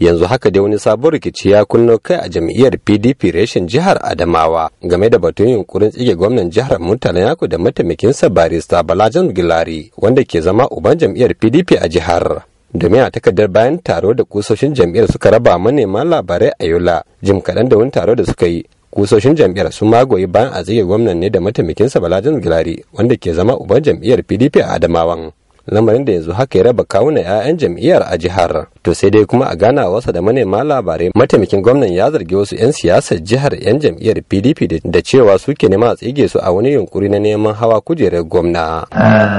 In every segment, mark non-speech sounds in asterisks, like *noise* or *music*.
yanzu haka dai wani sabon rikici ya kunno kai a jam'iyyar pdp reshen jihar adamawa game da batun yunkurin tsige gwamnan jihar murtala yako da mataimakinsa barista balajan gilari wanda ke zama uban jam'iyyar pdp a jihar domin a takardar bayan taro da kusoshin jam'iyyar suka raba manema labarai a yola jim kaɗan da wani taro da suka yi kusoshin jam'iyyar sun magoyi bayan a tsige gwamnan ne da mataimakinsa balajan gilari wanda ke zama uban jam'iyyar pdp a adamawan lamarin da yanzu haka ya raba kawunan 'ya'yan jam'iyyar a jihar to sai dai kuma a gana wasa da manema labarai mataimakin gwamnan ya zargi wasu 'yan siyasar jihar 'yan jam'iyyar pdp da cewa suke nema a tsige su a wani yunkuri na neman hawa kujerar gwamna uh,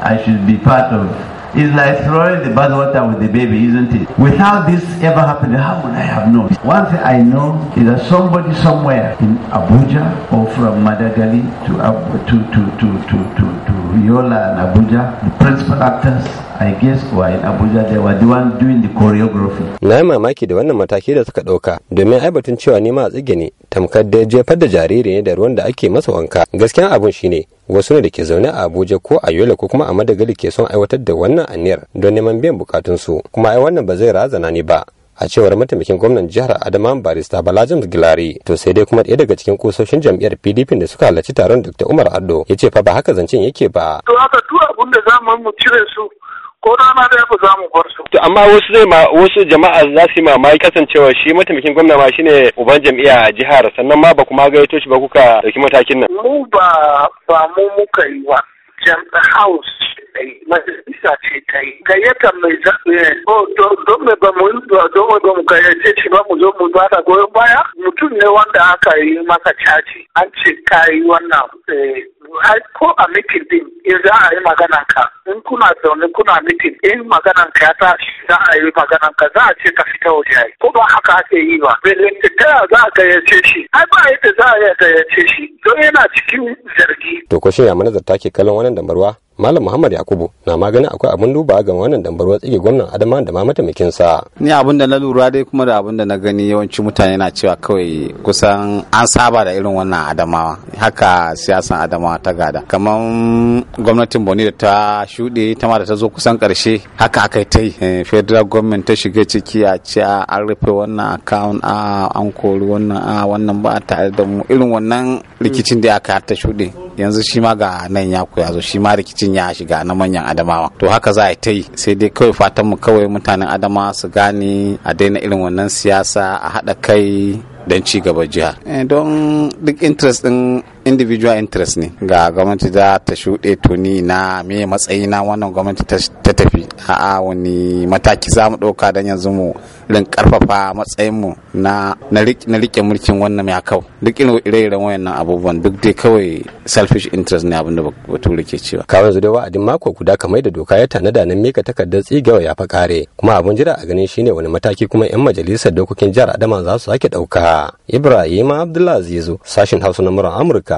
I should be part of *laughs* It's like throwing the bad water with the baby, isn't it? Without this ever happening, how would I have known? One thing I know is that somebody somewhere in Abuja or from Madagali to, to, to, to, to, to, Viola and Abuja, the principal actors I guess were in Abuja they were the one doing the choreography. Na yi mamaki da wannan mataki da suka ɗauka domin ai batun cewa ni ma a tsigini tamkar da jefar da jariri ne da ruwan da ake masa wanka. Gaskiyan abun shine wasu ne da ke zaune a Abuja ko a Yola ko kuma a Madagali ke son aiwatar da wannan aniyar don neman biyan bukatunsu kuma ai wannan ba zai razana ni ba a cewar mataimakin gwamnan jihar adama barista bala james gilari to sai dai kuma ɗaya daga cikin kusoshin jam'iyyar pdp da suka halarci taron dr umar addo ya ce fa ba haka zancen yake ba to haka duk da zamu mu cire su ko rana da ba za mu su. To amma wasu zai ma jama'a za su yi mamaki kasancewa shi mataimakin gwamna ma ne uban jam'iyya a jihar sannan ma ba kuma gayyato shi ba kuka dauki matakin nan. Mu ba ba mu muka yi wa. jam'iyyar House ta yi majalisa ce ta yi gayyatar mai zaɓe eh, don mai ba mu don mai ba mu gayyace shi ba mu zo mu ba da goyon baya mutum ne wanda aka yi masa caji an ce ka yi wannan eh, ko a mitin din in za a yi magana ka in kuna zaune kuna mikin in maganan ka ya tashi za a yi maganan ka za a ce ka fita waje yi ko ba haka ake yi ba belente ta za a gayyace shi ai ba yadda za a gayyace shi don yana cikin zargi to ko shin ya manazarta ke kallon wannan damarwa malam muhammad yakubu na maganin akwai abin duba ga wannan dambarwa tsige gwamnan adama da ma mataimakin sa. ni abin da na lura dai kuma da abin da na gani yawanci mutane na cewa kawai kusan an saba da irin wannan adamawa haka siyasan adama ta gada kamar gwamnatin boni da ta shuɗe ta ma da ta zo kusan karshe haka aka ta yi eh, federal government ta shiga ciki a ce an rufe wannan account a an kori wannan a wannan ba tare da mu irin wannan rikicin da aka ta shuɗe yanzu shi ma ga nan ya koya zo shi ma rikicin ya shiga na manyan adamawa to haka za a ta yi sai dai kawai fatan mu kawai mutanen adama su gane a daina irin wannan siyasa a haɗa kai don ci gaba jiha eh, don duk interest din individual interest ne ga gwamnati za ta shuɗe tuni na me matsayi na wannan gwamnati ta tafi a wani mataki za mu ɗauka don yanzu mu rin ƙarfafa matsayinmu na na rike mulkin wannan mai akau duk irin ire-iren wayannan abubuwan duk dai kawai selfish interest ne abinda batu ke cewa kawai zuwa dai wa'adin mako guda kamar da doka ya tanada nan mika takardar tsigawa ya fa kare kuma abin jira a ganin shine wani mataki kuma yan majalisar dokokin jihar Adama za su sake ɗauka Ibrahim Abdullahi Zizo sashin Hausa na murar Amurka